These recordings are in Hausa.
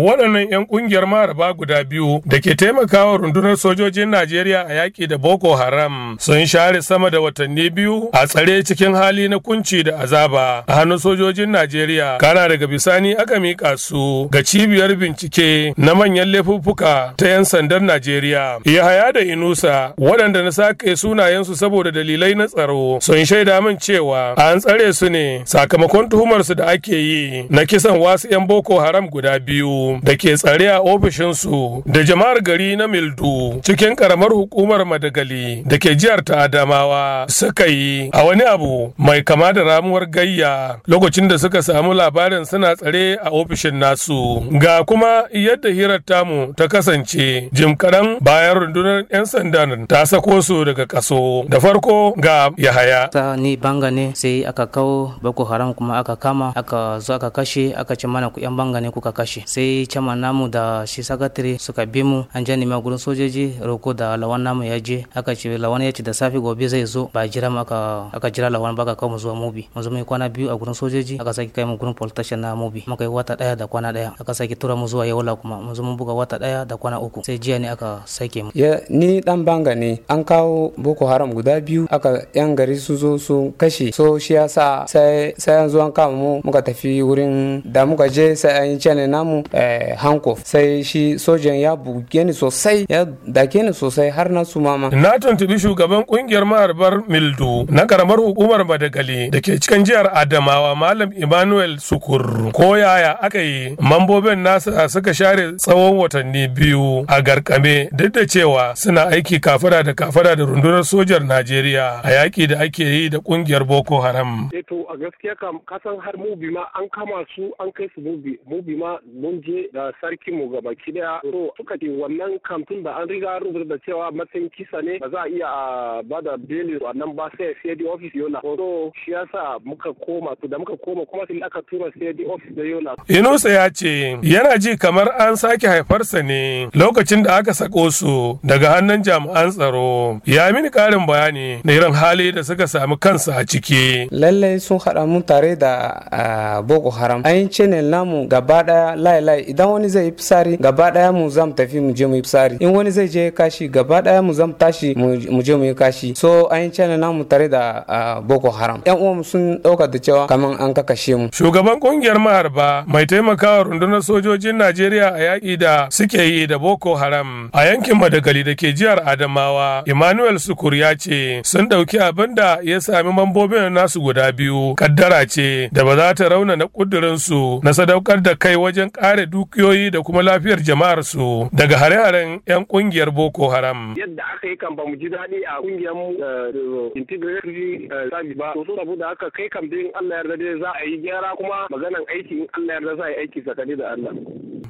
waɗannan 'yan ƙungiyar maraba guda biyu da ke taimakawa rundunar sojojin Najeriya a yaƙi da Boko Haram sun share sama da watanni biyu a tsare cikin hali na kunci da azaba a hannun sojojin Najeriya kana daga bisani aka miƙa su ga cibiyar bincike na manyan laifuffuka ta 'yan sandan Najeriya. Yahaya da Inusa waɗanda na sake sunayensu saboda dalilai na tsaro sun shaida min cewa an tsare su ne sakamakon tuhumarsu da ake yi na kisan wasu 'yan Boko Haram guda biyu. da ke tsare a ofishinsu da jama'ar gari na Mildu cikin karamar hukumar Madagali da ke jihar ta Adamawa suka yi a wani abu mai kama da ramuwar gayya lokacin da suka samu labarin suna tsare a ofishin nasu. Ga kuma yadda hirar tamu ta kasance jim kaɗan bayan rundunar 'yan sandan ta sako su daga kaso. Da farko ga Yahaya. Ta ni banga ne sai aka kawo Boko Haram kuma aka kama aka zo aka kashe aka ci mana ku 'yan banga ne kuka kashe. Sai sai namu da shi sakatare suka bi mu an ja nema gurin sojoji roko da lawan namu ya je aka ce lawan ya ce da safe gobe zai zo ba jira mu aka aka jira lawan ba ka kawo mu zuwa mobi mu zo mu kwana biyu a gurin sojoji aka saki kai mu gurin police na mobi muka yi wata daya da kwana daya aka saki tura mu zuwa yawla kuma mu zo mu buga wata daya da kwana uku sai jiya ne aka sake mu ya ni dan banga ne an kawo boko haram guda biyu aka yan gari su zo su kashe so shi yasa sai sai an zo an kawo mu muka tafi wurin da muka je sai an yi channel namu Eh, hankof sai shi sojan ya buge ni sosai ya dake ni sosai har na su mama na tuntubi shugaban kungiyar maharbar Mildu, na karamar hukumar madagali da ke cikin jihar adamawa malam emmanuel sukur ko yaya aka yi mambobin nasa suka share tsawon watanni biyu a garkame duk da cewa suna aiki kafada da kafada da rundunar sojar najeriya a yaki da ake yi da kungiyar boko haram eh a gaskiya kam kasan har mubi ma an kama su an kai su mubi mubi ma mun je da sarki mu ga baki daya to suka ce wannan kamfin da an riga rubuta da cewa matsayin kisa ne ba za a iya ah, a bada beli wannan ba sai sai di office yola to shi yasa muka koma to da muka koma kuma sai aka tura sai di office da yola Inusa ya ce yana ji kamar an sake haifarsa ne lokacin da aka sako su daga hannun jami'an tsaro ya mini karin bayani da irin hali da suka sami kansa a ciki lallai sun haɗa mu tare da boko haram an channel namu gaba daya lai lai idan wani zai yi fisari gaba daya mu zam tafi mu je mu yi fisari in wani zai je kashi gaba daya mu zam tashi mu je mu yi kashi so an channel namu tare da boko haram yan uwa sun dauka da cewa kaman an kakashe mu shugaban kungiyar maharba mai taimakawa rundunar sojojin najeriya a yaki da suke yi da boko haram a yankin madagali da ke jihar adamawa emmanuel sukur ya ce sun dauki abin da ya sami mambobin nasu guda biyu kaddara ce da ba za ta raunana ƙudurinsu na sadaukar da kai wajen kare dukiyoyi da kuma lafiyar jama'ar su daga hare-haren 'yan kungiyar Boko Haram. Yadda aka yi kan ba mu ji daɗi a kungiyar mu eh, integrity eh, service ba so saboda haka kai kam in Allah yarda dai za a yi gyara kuma maganan aiki in Allah yarda za a yi aiki tsakani da Allah.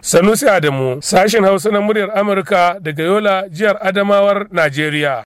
Sanusi Adamu, sashin Hausa na muryar Amurka daga Yola, jihar Adamawar, Najeriya.